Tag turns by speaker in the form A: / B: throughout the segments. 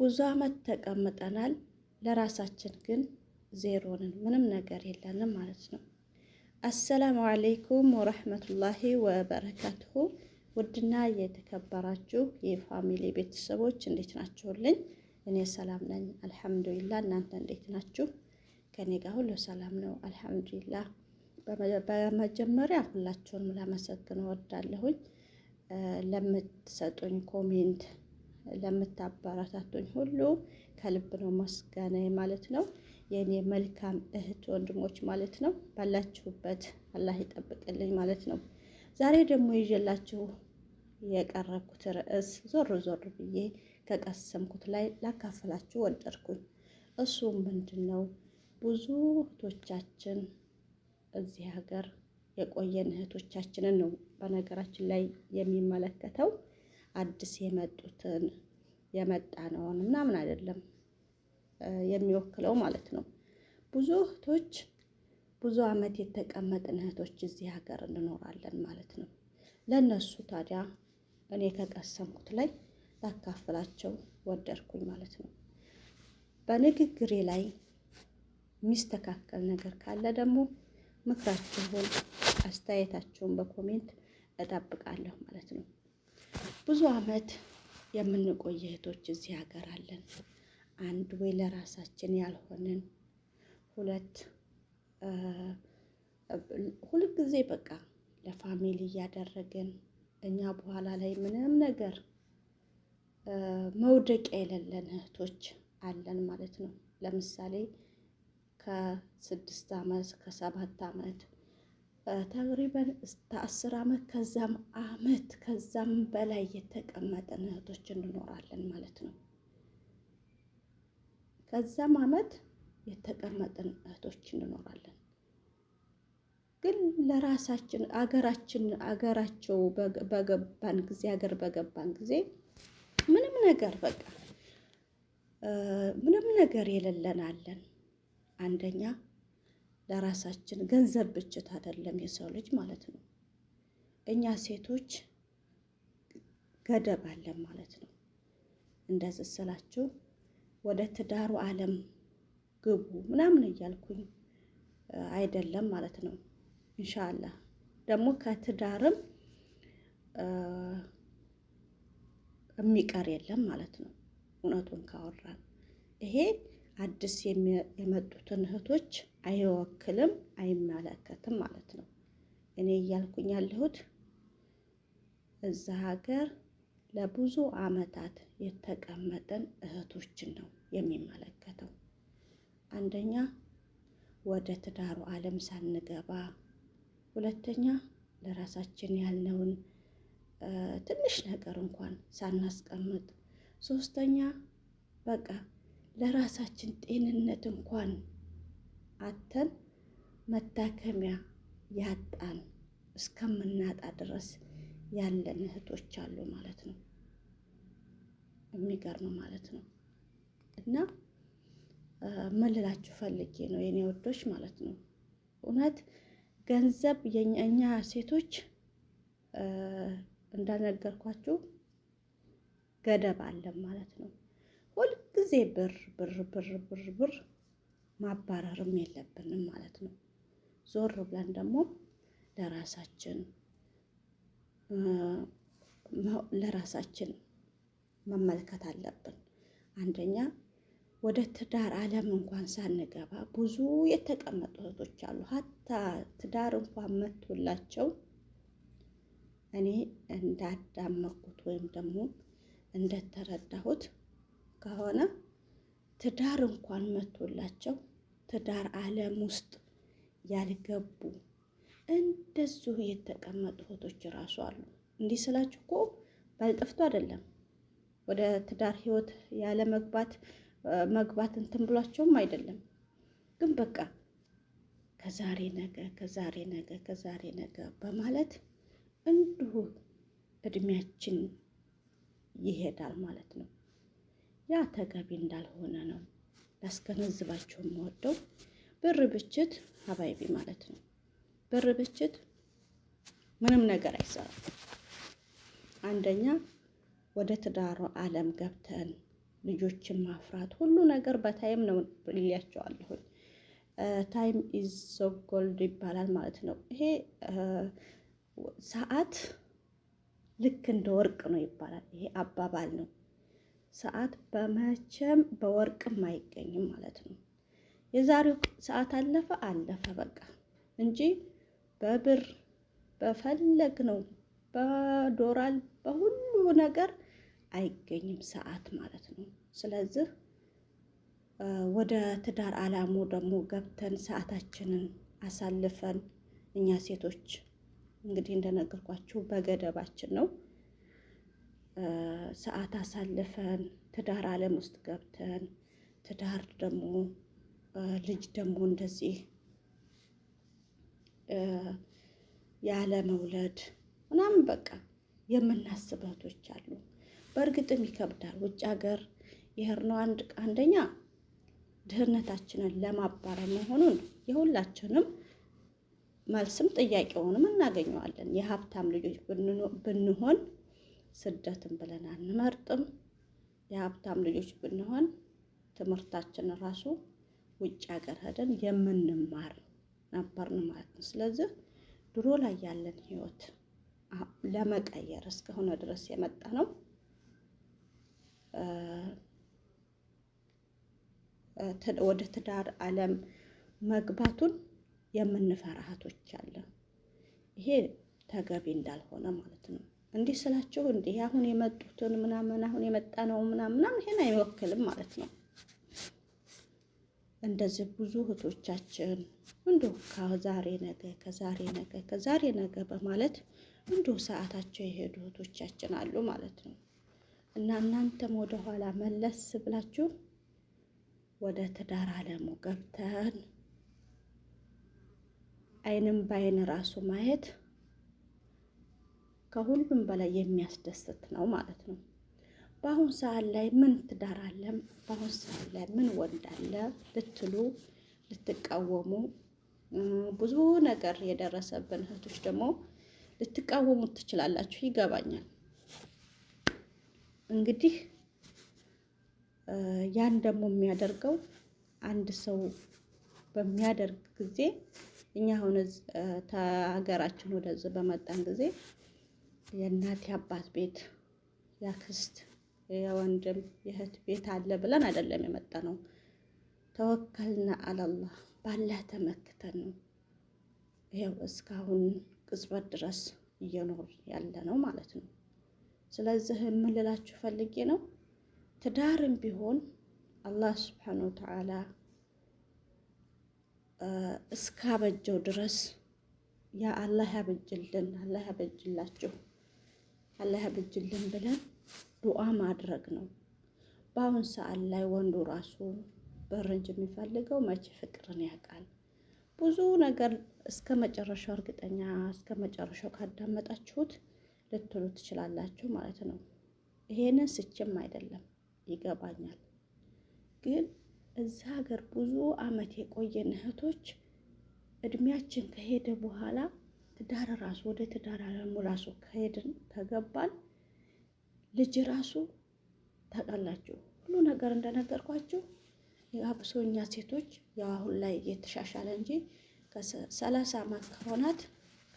A: ብዙ አመት ተቀምጠናል። ለራሳችን ግን ዜሮንን ምንም ነገር የለንም ማለት ነው። አሰላሙ አለይኩም ወረህመቱላሂ ወበረካትሁ ውድና የተከበራችሁ የፋሚሊ ቤተሰቦች እንዴት ናችሁልኝ? እኔ ሰላም ነኝ አልሐምዱሊላ። እናንተ እንዴት ናችሁ? ከኔ ጋር ሁሉ ሰላም ነው አልሐምዱሊላ። በመጀመሪያ ሁላችሁንም ላመሰግን ወዳለሁኝ ለምትሰጡኝ ኮሜንት ለምታበረታቱኝ ሁሉ ከልብ ነው ምስጋና ማለት ነው። የእኔ መልካም እህት ወንድሞች ማለት ነው ባላችሁበት አላህ ይጠብቅልኝ ማለት ነው። ዛሬ ደግሞ ይዤላችሁ የቀረብኩት ርዕስ ዞር ዞር ብዬ ከቀሰምኩት ላይ ላካፈላችሁ ወደድኩኝ። እሱ ምንድን ነው? ብዙ እህቶቻችን እዚህ ሀገር የቆየን እህቶቻችንን ነው በነገራችን ላይ የሚመለከተው አዲስ የመጡትን የመጣ ነውን ምናምን አይደለም የሚወክለው ማለት ነው። ብዙ እህቶች ብዙ አመት የተቀመጥን እህቶች እዚህ ሀገር እንኖራለን ማለት ነው። ለእነሱ ታዲያ እኔ ከቀሰምኩት ላይ ላካፍላቸው ወደድኩኝ ማለት ነው። በንግግሬ ላይ የሚስተካከል ነገር ካለ ደግሞ ምክራችሁን፣ አስተያየታችሁን በኮሜንት እጠብቃለሁ ማለት ነው። ብዙ አመት የምንቆይ እህቶች እዚህ ሀገር አለን። አንድ ወይ ለራሳችን ያልሆንን ሁለት ሁልጊዜ በቃ ለፋሚሊ እያደረግን እኛ በኋላ ላይ ምንም ነገር መውደቂያ የሌለን እህቶች አለን ማለት ነው። ለምሳሌ ከስድስት ዓመት ከሰባት ዓመት ተቅሪበን እስከ አስር አመት ከዛም አመት ከዛም በላይ የተቀመጠን እህቶች እንኖራለን ማለት ነው። ከዛም አመት የተቀመጠን እህቶች እንኖራለን። ግን ለራሳችን አገራችን አገራቸው በገባን ጊዜ አገር በገባን ጊዜ ምንም ነገር በቃ ምንም ነገር የሌለን አለን አንደኛ ለራሳችን ገንዘብ ብችት አይደለም የሰው ልጅ ማለት ነው። እኛ ሴቶች ገደብ አለን ማለት ነው። እንደዚህ ስላችሁ ወደ ትዳሩ ዓለም ግቡ ምናምን እያልኩኝ አይደለም ማለት ነው። ኢንሻአላህ ደግሞ ከትዳርም የሚቀር የለም ማለት ነው። እውነቱን ካወራን ይሄ አዲስ የመጡትን እህቶች አይወክልም፣ አይመለከትም ማለት ነው። እኔ እያልኩኝ ያለሁት እዛ ሀገር ለብዙ አመታት የተቀመጠን እህቶችን ነው የሚመለከተው። አንደኛ ወደ ትዳሩ ዓለም ሳንገባ፣ ሁለተኛ ለራሳችን ያልነውን ትንሽ ነገር እንኳን ሳናስቀምጥ፣ ሶስተኛ በቃ ለራሳችን ጤንነት እንኳን አተን መታከሚያ ያጣን እስከምናጣ ድረስ ያለን እህቶች አሉ ማለት ነው። የሚገርም ማለት ነው። እና መልላችሁ ልላችሁ ፈልጌ ነው የኔ ወዶች ማለት ነው። እውነት ገንዘብ የእኛ ሴቶች እንዳነገርኳችሁ ገደብ አለን ማለት ነው። ጊዜ ብር ብር ብር ብር ብር ማባረርም የለብንም ማለት ነው። ዞር ብለን ደግሞ ለራሳችን ለራሳችን መመልከት አለብን። አንደኛ ወደ ትዳር ዓለም እንኳን ሳንገባ ብዙ የተቀመጡ እህቶች አሉ። ሀታ ትዳር እንኳን መቶላቸው እኔ እንዳዳመኩት ወይም ደግሞ እንደተረዳሁት ከሆነ ትዳር እንኳን መቶላቸው ትዳር ዓለም ውስጥ ያልገቡ እንደዚሁ የተቀመጡ እህቶች ራሱ አሉ። እንዲህ ስላችሁ እኮ ባልጠፍቶ አይደለም ወደ ትዳር ህይወት ያለ መግባት መግባት እንትን ብሏቸውም አይደለም። ግን በቃ ከዛሬ ነገ ከዛሬ ነገ ከዛሬ ነገ በማለት እንዲሁ እድሜያችን ይሄዳል ማለት ነው። ያ ተገቢ እንዳልሆነ ነው ላስገነዝባችሁ የምወደው። ብር ብችት ሀባይቢ ማለት ነው። ብር ብችት ምንም ነገር አይሰራም። አንደኛ ወደ ትዳሩ ዓለም ገብተን ልጆችን ማፍራት ሁሉ ነገር በታይም ነው ልያቸዋለሁኝ። ታይም ኢዝ ሶ ጎልድ ይባላል ማለት ነው። ይሄ ሰዓት ልክ እንደ ወርቅ ነው ይባላል። ይሄ አባባል ነው። ሰዓት በመቼም በወርቅም አይገኝም ማለት ነው። የዛሬው ሰዓት አለፈ አለፈ በቃ እንጂ በብር በፈለግ ነው በዶራል በሁሉ ነገር አይገኝም ሰዓት ማለት ነው። ስለዚህ ወደ ትዳር አላሙ ደግሞ ገብተን ሰዓታችንን አሳልፈን እኛ ሴቶች እንግዲህ እንደነገርኳችሁ በገደባችን ነው ሰዓት አሳልፈን ትዳር ዓለም ውስጥ ገብተን ትዳር ደግሞ ልጅ ደግሞ እንደዚህ ያለ መውለድ ምናምን በቃ የምናስበቶች አሉ። በእርግጥም ይከብዳል። ውጭ ሀገር የሄድነው አንድ አንደኛ ድህነታችንን ለማባረር መሆኑን የሁላችንም መልስም ጥያቄውንም እናገኘዋለን። የሀብታም ልጆች ብንሆን ስደትን ብለን አንመርጥም። የሀብታም ልጆች ብንሆን ትምህርታችን ራሱ ውጭ ሀገር ሄደን የምንማር ነበርን ማለት ነው። ስለዚህ ድሮ ላይ ያለን ህይወት ለመቀየር እስከሆነ ድረስ የመጣ ነው። ወደ ትዳር አለም መግባቱን የምንፈራ እህቶች አለን። ይሄ ተገቢ እንዳልሆነ ማለት ነው። እንዲህ ስላችሁ እንዲህ አሁን የመጡትን ምናምን አሁን የመጣ ነው ምናምን ምናምን ይሄን አይወክልም ማለት ነው። እንደዚህ ብዙ እህቶቻችን እንዶ ከዛሬ ነገ ከዛሬ ነገ ከዛሬ ነገ በማለት እንዶ ሰዓታቸው የሄዱ እህቶቻችን አሉ ማለት ነው። እና እናንተም ወደኋላ መለስ ብላችሁ ወደ ትዳር አለሙ ገብተን አይንም ባይን ራሱ ማየት ከሁሉም በላይ የሚያስደስት ነው ማለት ነው። በአሁን ሰዓት ላይ ምን ትዳር አለ፣ በአሁን ሰዓት ላይ ምን ወንድ አለ ልትሉ ልትቃወሙ፣ ብዙ ነገር የደረሰብን እህቶች ደግሞ ልትቃወሙ ትችላላችሁ። ይገባኛል። እንግዲህ ያን ደግሞ የሚያደርገው አንድ ሰው በሚያደርግ ጊዜ እኛ አሁን ሀገራችን ወደዚህ በመጣን ጊዜ የእናት የአባት ቤት ያክስት የወንድም የእህት ቤት አለ ብለን አይደለም የመጣ ነው። ተወከልና አላላህ ባላህ ተመክተን ነው ይኸው እስካሁን ቅጽበት ድረስ እየኖር ያለ ነው ማለት ነው። ስለዚህ የምልላችሁ ፈልጌ ነው ትዳርም ቢሆን አላህ ስብሓነ ወተዓላ እስካበጀው ድረስ ያ አላህ ያበጅልን፣ አላህ ያበጅላችሁ። አላህ ያብጅልን ብለን ዱዓ ማድረግ ነው። በአሁን ሰዓት ላይ ወንዱ ራሱ ብር የሚፈልገው መቼ ፍቅርን ያውቃል? ብዙ ነገር እስከ መጨረሻው እርግጠኛ እስከ መጨረሻው ካዳመጣችሁት ልትሉ ትችላላችሁ ማለት ነው። ይሄንን ስችም አይደለም ይገባኛል። ግን እዛ ሀገር ብዙ አመት የቆየን እህቶች እድሜያችን ከሄደ በኋላ ትዳር ራሱ ወደ ትዳር አለሙ ራሱ ከሄድን ከገባን ልጅ ራሱ ታውቃላችሁ ሁሉ ነገር እንደነገርኳችሁ አብሶ እኛ ሴቶች ያው አሁን ላይ የተሻሻለ እንጂ ከሰላሳ ዓመት ከሆናት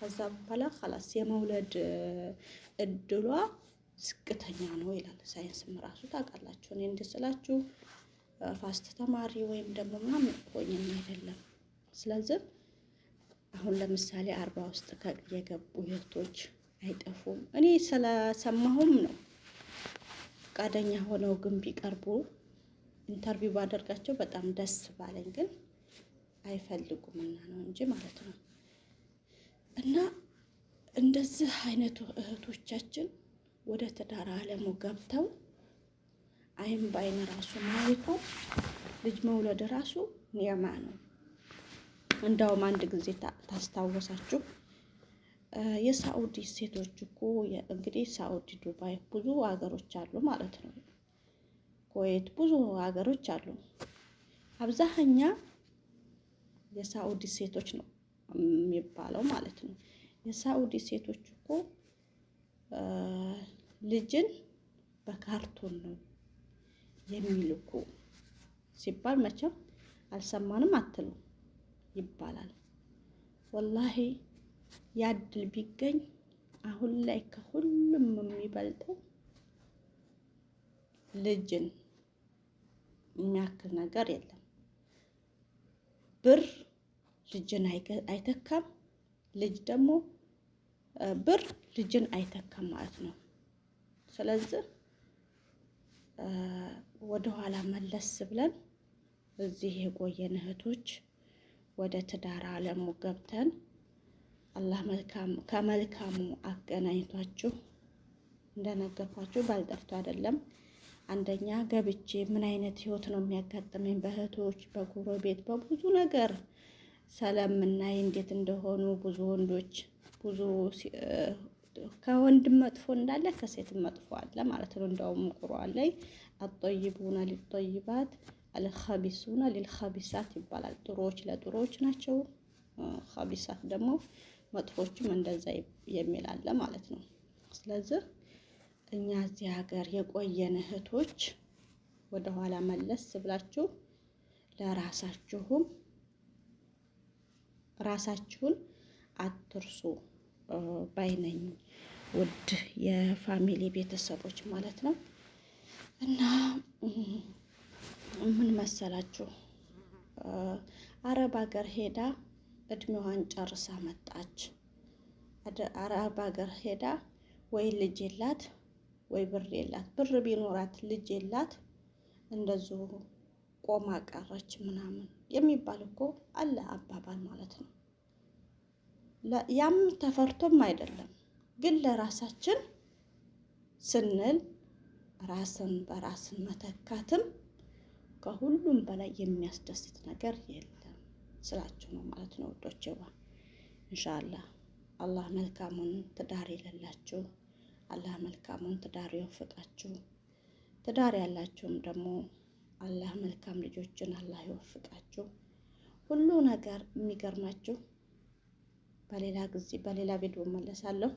A: ከዛ በኋላ ላስ የመውለድ እድሏ ዝቅተኛ ነው ይላል ሳይንስም ራሱ ታውቃላችሁ። እኔ እንድስላችሁ ፋስት ተማሪ ወይም ደግሞ ምናምን ሆኜም አይደለም ስለዚህ አሁን ለምሳሌ አርባ ውስጥ የገቡ እህቶች አይጠፉም። እኔ ስለሰማሁም ነው ፈቃደኛ ሆነው ግን ቢቀርቡ ኢንተርቪው ባደርጋቸው በጣም ደስ ባለኝ፣ ግን አይፈልጉምና ነው እንጂ ማለት ነው። እና እንደዚህ አይነቱ እህቶቻችን ወደ ትዳር አለሙ ገብተው አይን በአይን ራሱ ማየቱ ልጅ መውለድ ራሱ ኒዕማ ነው። እንዳውም አንድ ጊዜ ታስታወሳችሁ የሳኡዲ ሴቶች እኮ እንግዲህ ሳኡዲ፣ ዱባይ ብዙ ሀገሮች አሉ ማለት ነው። ኩዌት ብዙ ሀገሮች አሉ። አብዛኛ የሳኡዲ ሴቶች ነው የሚባለው ማለት ነው። የሳኡዲ ሴቶች እኮ ልጅን በካርቶን ነው የሚልኩ ሲባል መቼም አልሰማንም አትሉም። ይባላል። ወላሂ ያድል ቢገኝ አሁን ላይ ከሁሉም የሚበልጠው ልጅን የሚያክል ነገር የለም። ብር ልጅን አይተካም። ልጅ ደግሞ ብር ልጅን አይተካም ማለት ነው። ስለዚህ ወደኋላ መለስ ብለን እዚህ የቆየን እህቶች ወደ ትዳር አለሙ ገብተን አላህ ከመልካሙ አገናኝቷችሁ እንደነገርኳችሁ ባልጠፍቶ አይደለም። አንደኛ ገብቼ ምን አይነት ህይወት ነው የሚያጋጥመኝ በእህቶች በጎረቤት በብዙ ነገር ስለምናይ እንዴት እንደሆኑ ብዙ ወንዶች ብዙ ከወንድም መጥፎ እንዳለ ከሴትም መጥፎ አለ ማለት ነው። እንደውም ቁርአን ላይ አጠይቡና ሊጠይባት አልኸቢሱና ሊልኸቢሳት ይባላል። ጥሩዎች ለጥሩዎች ናቸው። ኸቢሳት ደግሞ መጥፎችም እንደዛ የሚል አለ ማለት ነው። ስለዚህ እኛ እዚህ ሀገር የቆየን እህቶች ወደኋላ መለስ ብላችሁ ለራሳችሁም ራሳችሁን አትርሱ ባይነኝ ውድ የፋሚሊ ቤተሰቦች ማለት ነው እና ምን መሰላችሁ አረብ ሀገር ሄዳ እድሜዋን ጨርሳ መጣች። አረብ ሀገር ሄዳ ወይ ልጅ የላት ወይ ብር የላት፣ ብር ቢኖራት ልጅ የላት እንደዚሁ ቆማ ቀረች ምናምን የሚባል እኮ አለ አባባል ማለት ነው። ያም ተፈርቶም አይደለም ግን ለራሳችን ስንል ራስን በራስን መተካትም ከሁሉም በላይ የሚያስደስት ነገር የለም ስላችሁ ነው ማለት ነው ውዶችዋ። እንሻላ አላህ መልካሙን ትዳር ይለላችሁ። አላህ መልካሙን ትዳር ይወፍቃችሁ። ትዳር ያላችሁም ደግሞ አላህ መልካም ልጆችን አላህ ይወፍቃችሁ። ሁሉ ነገር የሚገርማችሁ በሌላ ጊዜ በሌላ ቪዲዮ መለሳለሁ።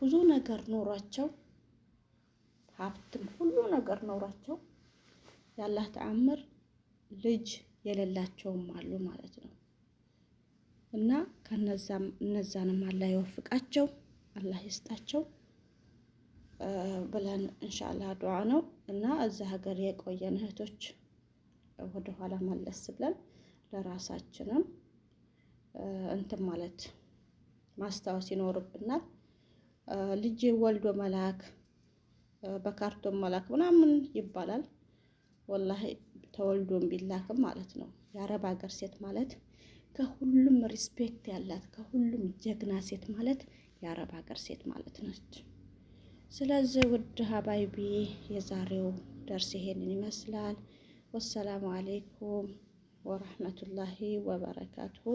A: ብዙ ነገር ኖሯቸው ሀብትም ሁሉ ነገር ኖሯቸው ያላህ ተአምር ልጅ የሌላቸውም አሉ ማለት ነው። እና ከነዛም እነዛንም አላህ ይወፍቃቸው አላህ ይስጣቸው ብለን እንሻላ ዱዓ ነው እና እዛ ሀገር የቆየን እህቶች ወደኋላ መለስ ብለን ለራሳችንም እንትን ማለት ማስታወስ ይኖርብናል። ልጅ ወልዶ መላክ በካርቶን መላክ ምናምን ይባላል። ወላሂ ተወልዶም ቢላክም ማለት ነው የአረብ ሀገር ሴት ማለት ከሁሉም ሪስፔክት ያላት ከሁሉም ጀግና ሴት ማለት የአረብ ሀገር ሴት ማለት ነች። ስለዚህ ውድ ሀባይቢ የዛሬው ደርስ ይሄንን ይመስላል። ወሰላሙ አሌይኩም ወረህመቱላሂ ወበረካቱሁ።